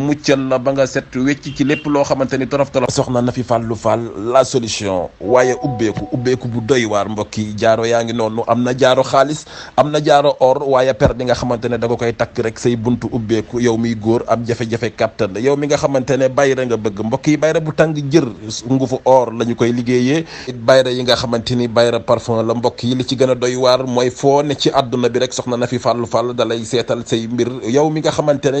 muccal la ba nga set wecc ci lépp loo xamante ni torof torof soxna na fi fàllu fàll la solution waaye ubbeeku ubbeeku bu doy waar mbokk yi jaaro yaa ngi noonu am na jaaro xaalis am na jaaro or waaye per bi nga xamante ne da nga koy takk rek say buntu ubbeeku yow miy góor am jafe-jafe kàttan yow mi nga xamante ne bayra nga bëgg mbokk yi bayra bu tàng jër ngufu or la koy liggéeyee it yi nga xamante ni bayra parfum la mbokk yi li ci gën a doy waar mooy foo ne ci bi rek soxna na fi fàllu fàll dalay seetal say mbir yow mi nga xamante ne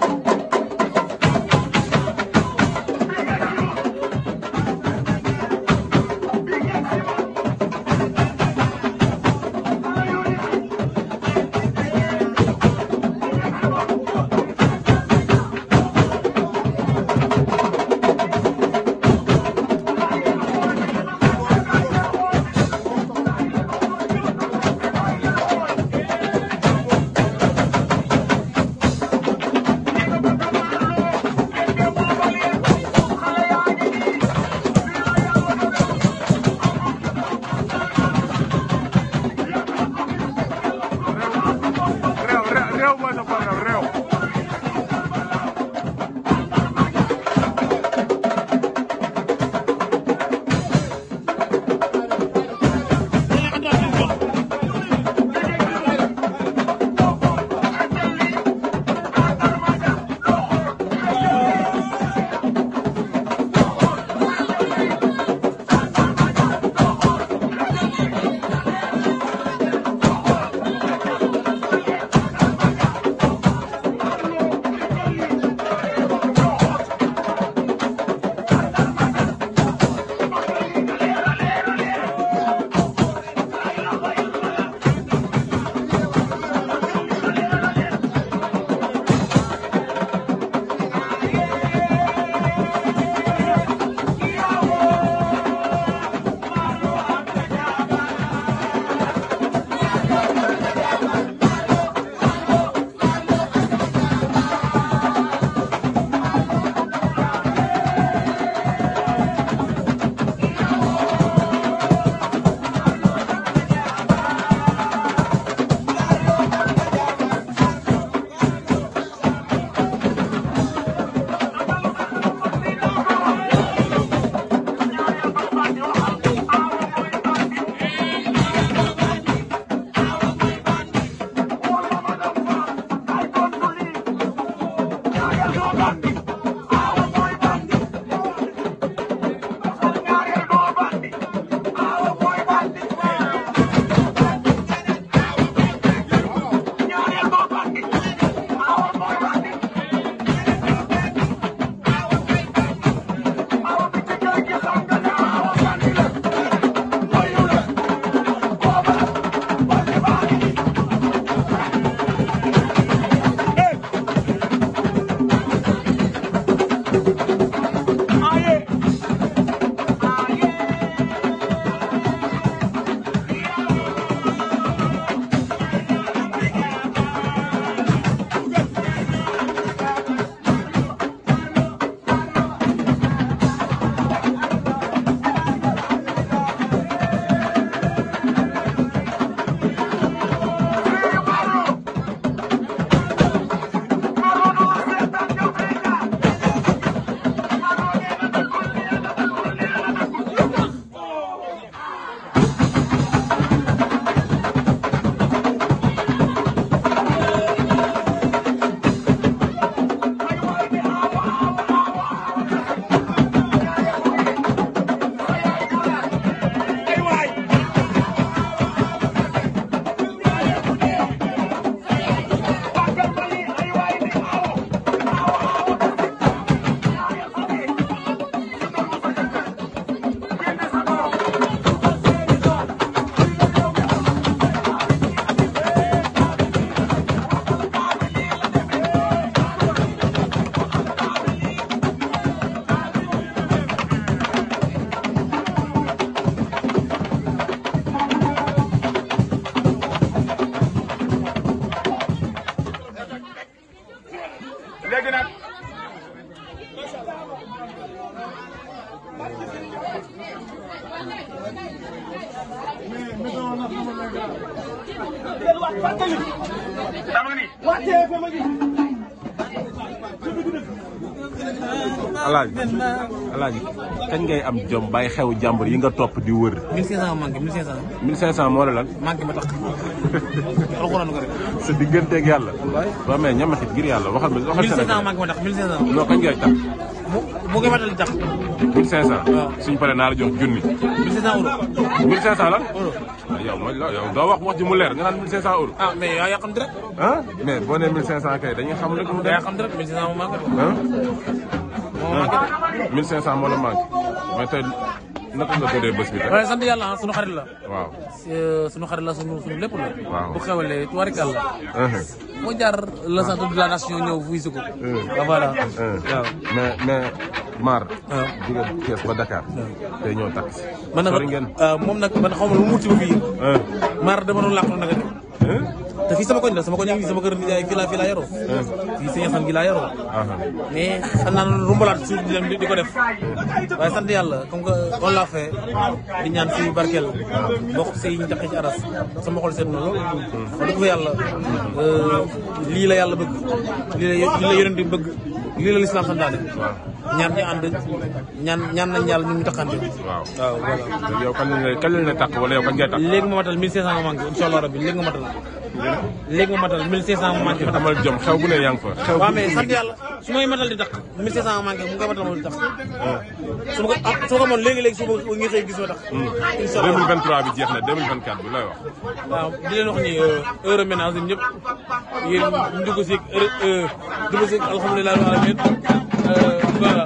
dama ni alaaji alaaji kañ ngay am jom baay xew jàmbur yi nga topp di wër. 1500 manqué 1500. 1500 moo la lan. manqué ma tax alxuraan ko rek. sa digganteeg yàlla. waaw mais ñamaxit ngir yàlla waxal ma. waxal seen 1500 manqué ma tax 1500. non kañ ngay tax. bu bu ngeen fàttali tax. 1500. waaw suñ naa la jox junni. 1500 euros. 1500 lan. euros yow mooy la yow doo wax wax ji mu leer nga naan 1500 euros. ah mais yaa xam rek. ah mais boo nee 1500 kay dañuy xam rek. mu dem yaa xam rek 1500 mu manqué. 1500 moo la manqué mais tey naka nga gënee bés bi tey. waaye sant yàlla ah sunu xarit la. waaw euh, sunu xarit la sunu sunu lépp la. waaw bu xewalee tuwarikal la. Uh-huh. moo jaar la sant de la nation ñëw wuy si ko. Uh-huh. Ah, voilà uh-huh. Mar. waaw ba Dakar. te ñëw taxi. man nag euh, moom nag man ma lu ba fii. Mar dama doon làqu nag. te fii sama koñ la sama koñ ngi sama kër nijaay fii laa fii yaroo hmm. fii gi laa yaroo mais xam naa rumbalaat di ko def waaye sant yàlla comme que on l'a fait di ñaan si barkeel bokk sëy ñu tax ci aras sama xol seet na lool wax yàlla euh, lii la yàlla bëgg lii la lii bëgg lii la lislaam santaane ñaan ñu ànd ñaan ñaan nañ yàlla ñu ngi taxante waaw waaw voilà yow kañ lañ lay takk wala yow kañ ngay takk léegi ma matal 1500 nga manqué incha allah rabbi léegi nga matal léegi ma matal 1500 mu manqué. amal jom xew bu ne yaa ngi fa. xew bu mais sant su may matal di tax 1500 mu manqué mu koy matal ma di tax. su ma ko ah léegi léegi su ma ngi xëy gis ma tax. Hmm. incha allah 2023 bi jeex na 2024 bi lay wax. waaw di leen wax ni euh, heure ménage yi ñëpp yéen ñu dugg si euh, dugg si alhamdulilah alamin euh, voilà.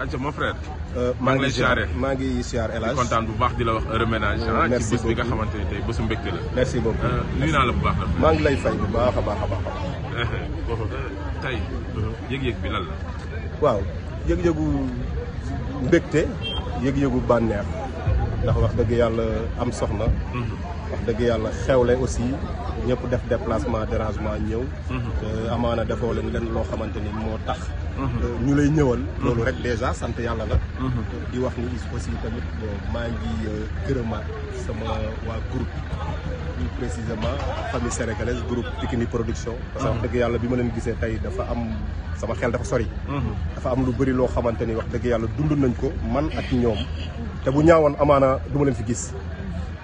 Aïcha mon frère. Euh, maa ngi lay siyaare maa ngi siyaare El Hadj kontaan bu baax di la wax heureux ménage. Ah, merci ci nga xamante ne tey bésu mbégte la. merci beaucoup euh, nuyu naa la bu baax la. maa ngi lay fay bu baax a baax a baax. tey yëg-yëg bi lan la. waaw yëg-yëgu mbégte yëg-yëgu bànneex ndax wax dëgg yàlla am soxna. Mhm. wax dëgg yàlla xewle aussi ñëpp def déplacement dérangement ñëw euh, amaana defoo leen leen loo xamante ni moo tax euh, ñu lay ñëwal loolu rek déjà sant yàlla la di wax ni si tamit maa ngi euh, gërëmaat sama waa group plus précisément famille sénégalaise groupe Pikini production parce wax dëgg yàlla bi ma leen gisee tey dafa am sama xel dafa sori dafa am lu bëri loo xamante ni wax dëgg yàlla dund nañ ko man ak ñoom te bu ñaawoon amaana du leen fi gis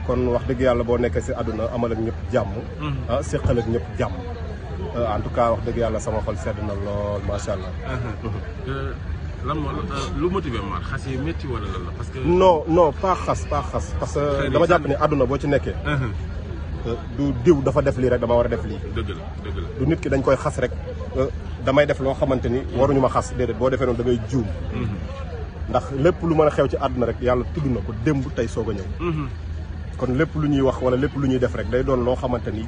kon wax dëgg yàlla boo nekkee si àdduna ama ak ñëpp jàmm. Mm-hmm. ah séqal ak ñëpp jàmm. Ah, en tout cas wax dëgg yàlla sama xol sedd na lool macha allah. Uh-huh. Mm-hmm. Uh, lan moo uh, lu motivé Mar xas yi métti wala parce que. non non pas xas pas xas parce que dama jàpp ni àdduna boo ci nekkee. Uh-huh. Uh, du diw dafa def lii rek dama war a def lii. dëgg la du nit ki dañ koy xas rek damay def loo xamante ni mm-hmm. waruñu ma xas déedéet boo defee noonu da ngay juum. ndax lépp lu mën a xew ci àdduna rek yàlla tudd na ko démb tey soog a ñëw. kon lépp lu ñuy wax wala lépp lu ñuy def rek day doon loo xamante ni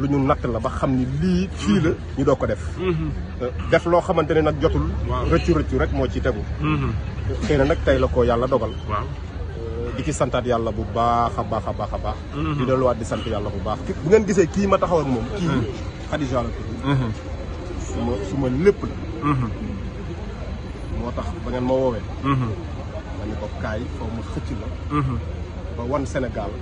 lu ñu natt la ba xam ni lii fii la ñu doo ko def mhm. euh, def loo xamante ni nag jotul rëccu rëccu rek moo ci tegu mhm. xëy na nag tey la ko yàlla dogal euh, di ci santaat yàlla bu baax a baax a baax a baax mhm. di delluwaat di sant yàlla bu baax bu ngeen gisee kii ma taxaw ak moom kii Khadija la tudd su ma lépp la moo tax ba ngeen ma woowee ma ko kaay foo ma xëcc la ba wan Sénégal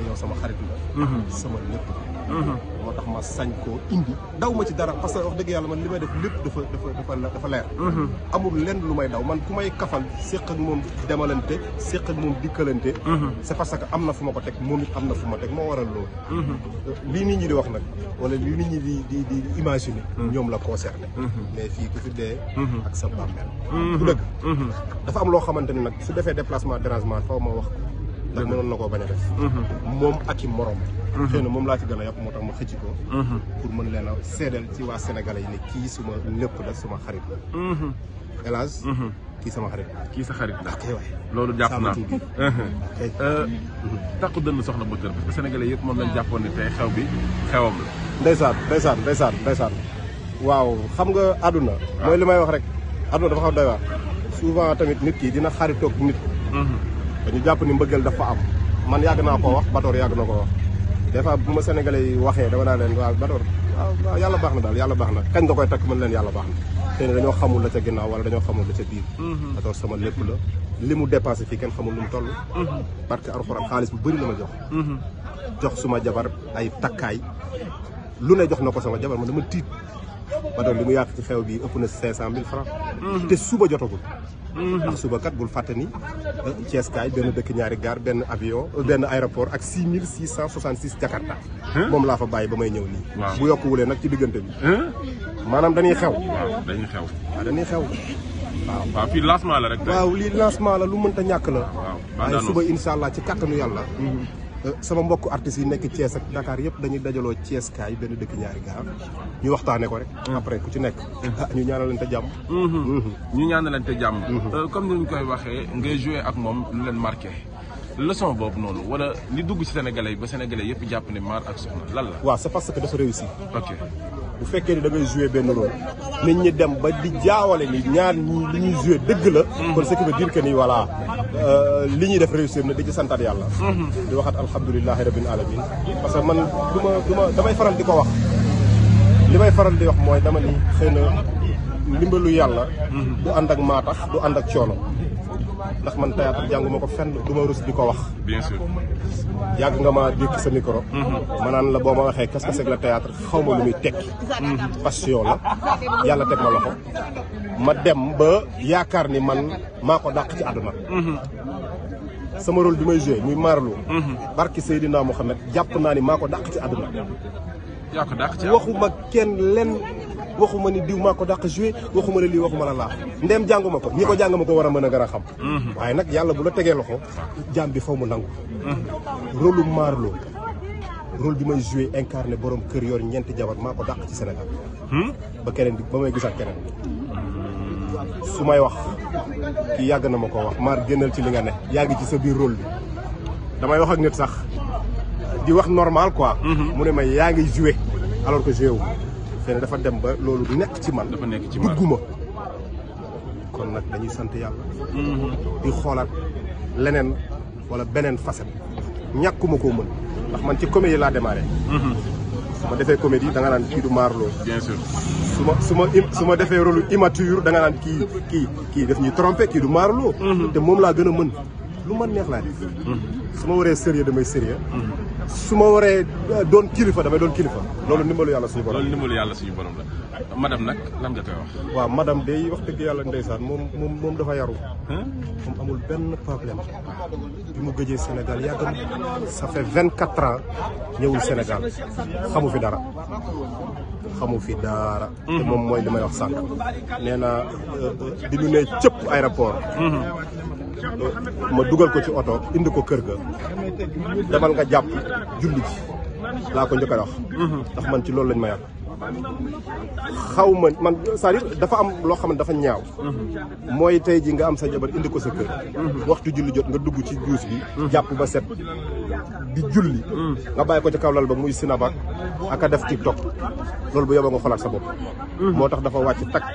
da sama xarit la mhm. sama lépp mhm. moo tax ma sañ koo indi daw ma ci dara parce que wax dëgg yàlla man li may def lépp dafa dafa dafa mhm. amul lenn lu may daw man ku may kafal séq ak moom demalante séq ak moom dikkalante c'est parce que am na fu ma ko teg moom it am na fu ma teg moo waral loolu euh, lii nit ñi di wax nag wala lii nit ñi di di di imaginer ñoom la concerné mais fii ku fi dee ak sa bàmmeel bu dëgg dafa am loo xamante ne nag su defee déplacement dérangement faw ma wax ndax mënoon na koo bañ a def mhm. moom ak i morom mhm. xëy na moom laa ci gën a yàpp moo tax ma xëcc ko mhm. pour mën leen a ci waa sénégalais yi ne kii suma lépp la suma xarit la hélas kii sama xarit kii sa xarit ndax kay waay loolu jàpp naa euh, takku dënn soxna bëtër parce que sénégalais yëpp moom lañ jàppoon ni tey xew bi xewam la ndeysaan ndeysaan waaw xam nga àdduna mooy li may wax rek àdduna dafa xaw doy waar souvent tamit nit kii dina xaritoog nit dañu jàpp ni mbëggeel dafa am man yàgg naa ko wax Batoor yàgg na ko wax des fois bu ma sénégalais waxee dama naa leen waaw Batoor waaw yàlla baax na daal yàlla baax na kañ nga koy takk mën leen yàlla baax na te ne dañoo xamul la ca ginnaaw wala dañoo xamul la ca biir mhm. Batoor sama lépp la li mu dépensé fii kenn xamul lu mu toll parce mhm. que alxuraan xaalis bu bëri la ma jox mhm. jox suma jabar ay takkaay lu ne jox na ko sama jabar man dama tiit Batoor li mu yàq ci xew bi ëpp na cinq cent mille francs te suba jotagul ndax suba kat bul fàtte ni euh, Thiès kaay benn dëkk ñaari gaar benn avion euh, benn aéroport ak 6666 Jakarta. moom laa fa bàyyi ba may ñëw nii. bu yokk wulee nag ci diggante bi. maanaam dañuy xew. waaw dañuy xew. waaw dañuy xew. waaw waaw fii lancement la rek. waaw lii lu mënta ñàkk la. waaw suba incha allah ci kattanu yàlla. Mhm. Euh, sama mbokk artistes yi nekk Thiès ak Dakar yëpp dañuy dajaloo Thiès kaay benn dëkk ñaari gaar ñu waxtaanee ko rek. Mm. après ku ci nekk. Mm. Ah, ñu ñaanalante jàmm. Mm-hmm. Mm-hmm. ñu ñaanalante jàmm. Mm-hmm. Euh, comme ni ñu koy waxee ngay joué ak moom lu leen marqué leçon boob noonu wala li dugg ci sénégalais yi ba sénégalais yëpp jàpp ne maar ak soxna lan la. waaw c'est parce que dafa réussi. ok. bu fekkee ni da ngay benn rôle nit ñi dem ba di jaawale ni ñaar ñi li ñuy joué dëgg la. Mm-hmm. kon ce qui veut dire que ni euh, li ñuy def réussir na di ci santaat yàlla. Mm-hmm. di waxat alhamdulilahi rabbil alamin parce que man du ma damay faral di ko wax li may faral di wax mooy dama ni xëy ndimbalu yàlla. Mm-hmm. du ànd ak maatax du ànd ak coono. ndax man théâtre jànguma ko fenn du rus di ko wax. yàgg nga ma dékk sa micro. Mhm. ma naan la boo ma waxee qu'est-ce que c'est que le théâtre xaw ma lu muy tekki. passion la yàlla teg ma loxo ma dem ba yaakaar ni man maa ko dàq ci àdduna. Mhm. sama rôle bi may joué muy Marlo. Mhm. barki Seydina Mohamed jàpp naa ni maa ko dàq ci àdduna. waxuma kenn lenn. waxuma ni diw maa ko dàq joué waxuma ne lii waxuma la laa ndeem jànguma ko ñi ko jàng ko war a mën a gën a xam mhm. waaye nag yàlla bu la tegee loxo jaam bi faw mu nangu mhm. rôlu maarloo rôle bi may joué incarné borom kër yor ñeenti jabar maa ko dàq ci Sénégal hmm? ba keneen bi ba may gisaat keneen su may wax ki yàgg na ma ko wax maar génnal ci li nga ne yaa ngi ci sa biir rôle bi damay wax ak nit sax di wax normal quoi mhm. mu ne ma yaa ngi joué alors xëy dafa dem ba loolu nekk ci man. dafa nekk ci man dugguma kon nag dañuy sant yàlla. Mhm. di xoolaat leneen wala beneen facette. ñàkkuma koo mën ndax man ci comédie laa démarré. Mhm. su ma defee comédie da nga naan kii du Marlo. bien su ma su ma su ma defee rôle immature da nga naan kii kii kii daf ñuy trompé kii du Marlo. Mhm. te moom laa gën a mën lu man neex laa def. su ma waree sérieux damay sérieux. su ma waree euh, doon kilifa damay doon kilifa loolu ndimbalu yàlla suñu borom loolu ndimbalu yàlla suñu borom la madame nag lan nga koy wax. waaw madame day wax dëgg yàlla ndeysaan moom moom moom dafa yaru. moom amul benn problème bi mu gëjee Sénégal yàgg na sa fait vingt quatre ans ñëwul Sénégal xamu fi dara xamu fi dara. te moom mooy li may wax sànq nee na di ñu ne cëpp aéroport. ma dugal ko ci oto indi ko kër ga demal nga jàpp julli ji laa ko njëkk a wax ndax man ci loolu lañ ma yàq xaw ma man cest à dafa am loo xam dafa ñaaw mooy tey ji nga am sa jabar indi ko sa kër waxtu julli jot nga dugg ci duus bi jàpp ba set di julli nga bàyyi ko ci kaw kawlal ba muy sinabak ak def def tiktok loolu bu yóbboo nga xoolaat sa bopp moo tax dafa wàcc takk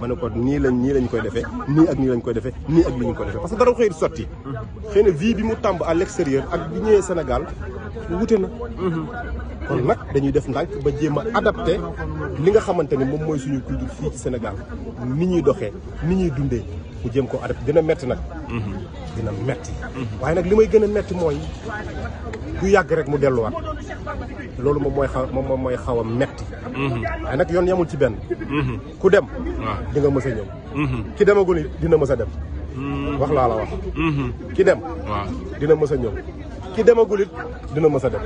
ma ne ko nii lañ nii lañ koy defee nii ak nii lañ koy defee nii ak li ñu koy defee parce que dara xëy sotti xëy na vie bi mu tàmb à l'extérieur ak bi ñëwee Sénégal wute na kon nag dañuy def ndànk ba jéem a adapté li nga xamante ni moom mooy suñu culture fii ci Sénégal ni ñuy doxee ni ñuy dundee mu jëm ko adapté dina metti nag dina metti waaye nag li may gën a metti mooy du yàgg rek mu delluwaat loolu moom mooy xaw moom mooy xaw a metti waaye nag yoon yamul ci benn ku dem di nga mës a ñëw mhm. ki demagul dina mës a dem mhm. wax laa la wax mhm. ki dem dina mës a ñëw ki demagul it dina mës a dem.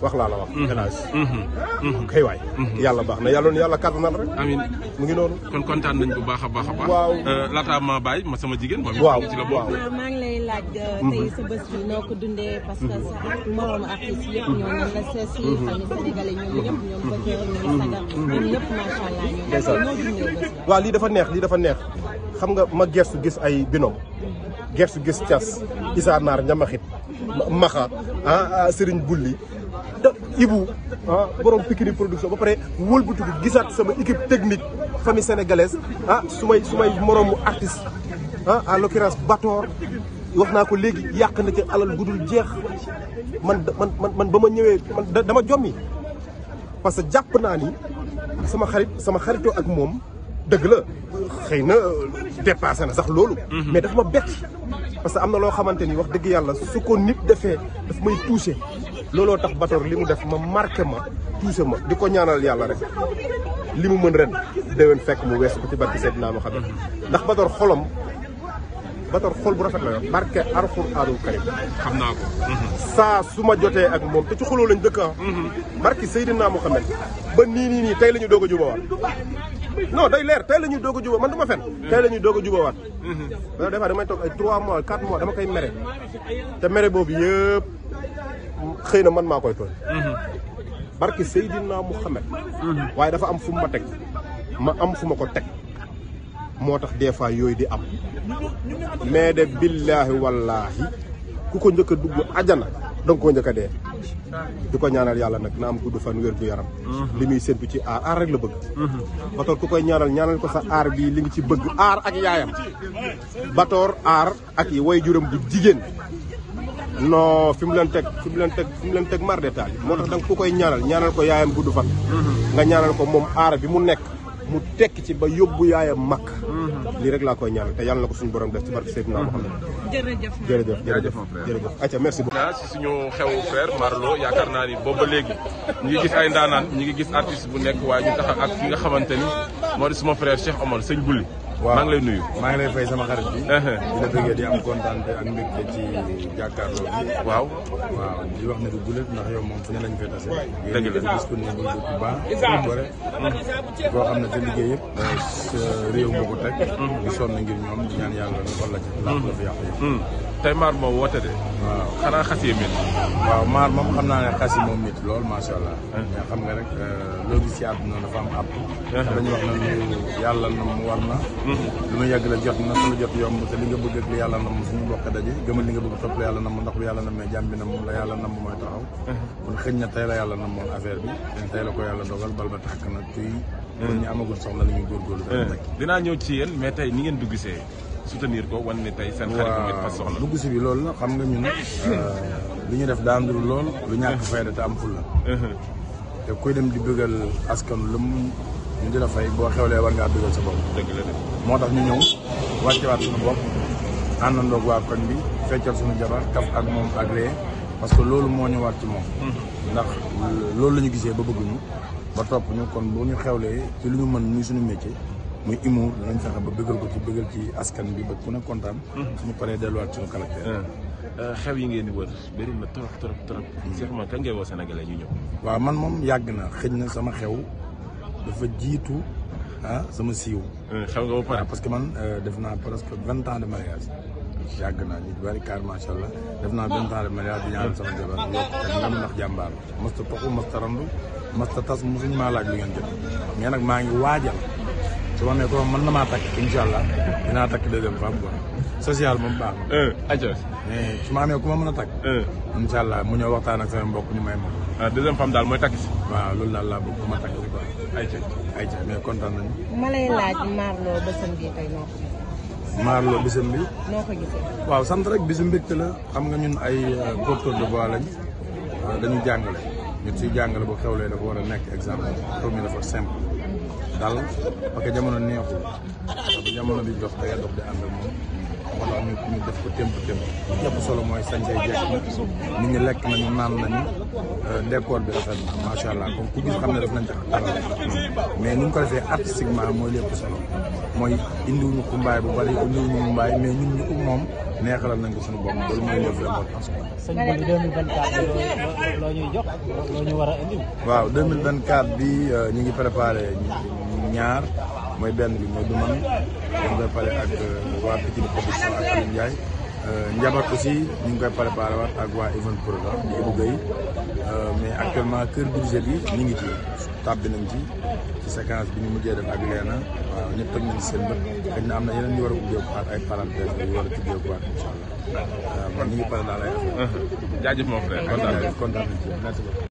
wax laa la wax. Mhm. hélas. Mhm. Mhm. kay waay. yàlla baax na yàlla na yàlla kàttanal rek. mu ngi noonu. kon nañ bu baax baax a baax. waaw euh, laataa maa ma waaw maa ngi lay laaj. Euh, tey lii dafa neex lii dafa neex xam nga ma gersu gis ay binom gersu gis cas isaanaar ñamaxit maxa ah, ah Serigne Bulli da ah, borom Pikini production ba pare wëlbatiku gisaat sama équipe technique famille sénégalaise ah su may su may moroomu artiste ah Bator wax naa ko léegi yàq na ci alal gudul jeex man man man ba ma ñëwee man dama jommi parce que jàpp naa ni sama xarit sama xarito ak moom dëgg la xëy na dépassé na sax loolu. Mhm. mais daf ma bett. parce que am na loo xamante ni wax dëgg yàlla su ko nit defee daf may touché looloo tax Bator li mu def ma marqué ma touché ma di ko ñaanal yàlla rek li mu mën ren déwén fekk mu wees ko ci barke Seydina Muhammad mhm. ndax Bator xolam Bator xol bu rafet la yor barke Alxuraanul Karim xam naa ko. Mhm. saa su ma jotee ak moom te ci xoloo lañ dëkk ah. barke Seydina Muhammad ba nii nii nii tey la ñu doog a jubawaat non day leer tey la ñuy doog a jubóo man du ma fen mm-hmm. tey la ñuy doog a jubóowaat loolu mm-hmm. des fois damay toog ay 3 mois 4 mois dama koy mere te mere boobu yëpp xëy na man maa koy tooñ mm-hmm. barki Seydina Mouhamed waaye dafa am fu ma teg ma am fu ma ko teg moo tax des fois yooyu di am mais de billaahi wallaahi ku ko njëkk dugg ajana danga ko njëkk a dee di ko ñaanal yàlla nag na am gudd fan wér gu yaram mhm. li muy séntu ci aar aar rek la bëgg mhm. batoor ku koy ñaanal ñaanal ko sax aar bi li ngi ci bëgg aar ak yaayam batoor aar ak yi way juram bu jigéen non fi mu leen teg fi leen teg fi leen teg mar détail moo tax da ku koy ñaanal ñaanal ko yaayam gudd fa mhm. nga ñaanal ko moom aar bi mu nekk mu tekk ci ba yóbbu yaayam mag lii rek laa koy ñaanal te yàlla na ko suñu borom def ci barke Seydina Muhammad jërëjëf jërëjëf jërëjëf suñu xew frère Marlo yaakaar naa ni boobu ba léegi ñi ngi gis ay ndaanaan ñi ngi gis artiste bu nekk waaye ñu tax ak ki nga xamante ni moo di suma frère Cheikh Omar sëñ Bulli waaw maa ngi lay nuyu. maa ngi lay fay sama xarit bi. Uh-huh. di la bëggee di am kontaan ak mbégte ci jàkkaarloo bi. waaw. waaw di wax ne du gulet ndax yow moom fu ne lañ fay tase. dëgg la gis ko ne bu baax. bu gore. boo mm. xam ne te liggéey moo euh, ko ñu sonn ngir ñoom di ñaan yàlla xol la ci laaf la fi yàq yi hmm. tey maar moom woote de waaw xanaa xas yee métti waaw maar moom xam naa ne xas yi moom métti lool macha allah eh. mais xam nga rek euh, loo gis ci àdduna dafa am àpp eh. dañu na yàlla na mu war na hmm. lu nu yàgg la jot na lu jot yomb te li nga bëgg ak li yàlla na mu suñu bokk daje gëmal li nga bëgg topp la yàlla na mu ndax lu yàlla na mee jàmm bi na mu la yàlla na mu mooy taxaw eh. kon xëñ na tey la yàlla na moon affaire bi tey la ko yàlla dogal bal tàkk na kuy ñu amagul soxla la ñuy góorgóorlu eh. dinaa ñëw ci yéen mais tey ni ngeen dugg see soutenir ko wan ne tey seen xarit bu ngeen fas soxla dugg si bi loolu la xam nga ñun eh. euh, lu ñu def daanduru lool lu ñàkk eh. fayda te am fulla te kuy dem di bëggal askanu lu mu ñu di la fay boo xewlee war ngaa bëggal sa bopp moo tax ñu ñëw wàccewaat suñu bopp àndandoog waa koñ bi feccal suñu jabar kaf ak moom ak ree parce que loolu moo ñu war ci moom mm-hmm. ndax loolu la ñu gisee ba bëgguñu ba topp ñu kon boo ñu xewlee ci lu ñu mën muy suñu métier muy humour danañ fexe ba bëggal ko ci bëggal ci askan bi ba ku ne kontaan. Mhm. suñu paree delluwaat suñu caractère. Ah. Ah, xew yi ngeen di wër bëri na trop trop trop. sûrement mhm. kan ngay woo Sénégalais ñu ñëw. waaw man moom yàgg na xëñ na sama xew dafa jiitu ah sama siiw. Ah, xew nga ba pare parce que man euh, def naa presque vingt ans de mariage. yàgg naa ñu bari kaar macha allah def naa benn temps de mariage di ñaanal sama jabar yokk ak ndam ndax jàmbaar masta toxu masta randu masta tas mosuñ maa laaj lu ngeen jot maa ngi waajal su ma ne ko mën na maa takk incha allah dinaa takk deuxième femme quoi social moom baax na. Eh, atia. mais su ma amee ku mën a takk. Eh. incha allah mu ño waxtaan ak sama mbokk ñu may ma. ah deuxième femme daal mooy takk si. waaw loolu daal laa bëgg ku ma takk si quoi. ayca ayca mais kontaan nañu. ma lay laaj bii tey noo maarloo bisam bi. waaw sant rek bisu mbégte la xam nga ñun ay porteurs euh, de voix lañ euh, dañu jàngale ñun si jàngale bu xewlee dafa war a nekk exemple comme dafa simple dal parce que jamono neexul parce que jamono bi dox da nga dox di ànd moom. wala ñu ñu def ko témp témp lépp solo mooy sañse jekk nit ngi lekk na nañu naan nañu euh, décor bi rafet na macha allah comme ku gis xam ne def nañ tax dara mais ni ñu ko defee artistiquement mooy lépp solo mooy indiwuñu ko mbaay bu bari indiwuñu mbaay mais ñun ñu ko nañ ko suñu bopp loolu mooy lépp la moo tax sëñ bi 2024 loo ñuy jox loo ñu war a indi waaw 2024 bi euh, ñu ngi préparé ñaar mooy benn bi mooy du man ñu koy pare ak euh, waa Pikine production ak Aliou Ndiaye. Euh, Njabar aussi ñu ngi koy préparé waat ak waa Event Pro la di Ibou Gueye euh, mais actuellement kër budget bi ñu ngi ci tàbbi nañ ci ci séquence bi ñu mujjee def ak leena waaw ñëpp teg nañ seen bët xëy na am na yeneen yu war a ubbeekuwaat ay parenthèse yu war a tijjeekuwaat incha allah waaw ñu ngi pare daal ay affaires. Uh-huh. jaajëf mon frère kontaan nañ kontaan nañ ci merci beaucoup.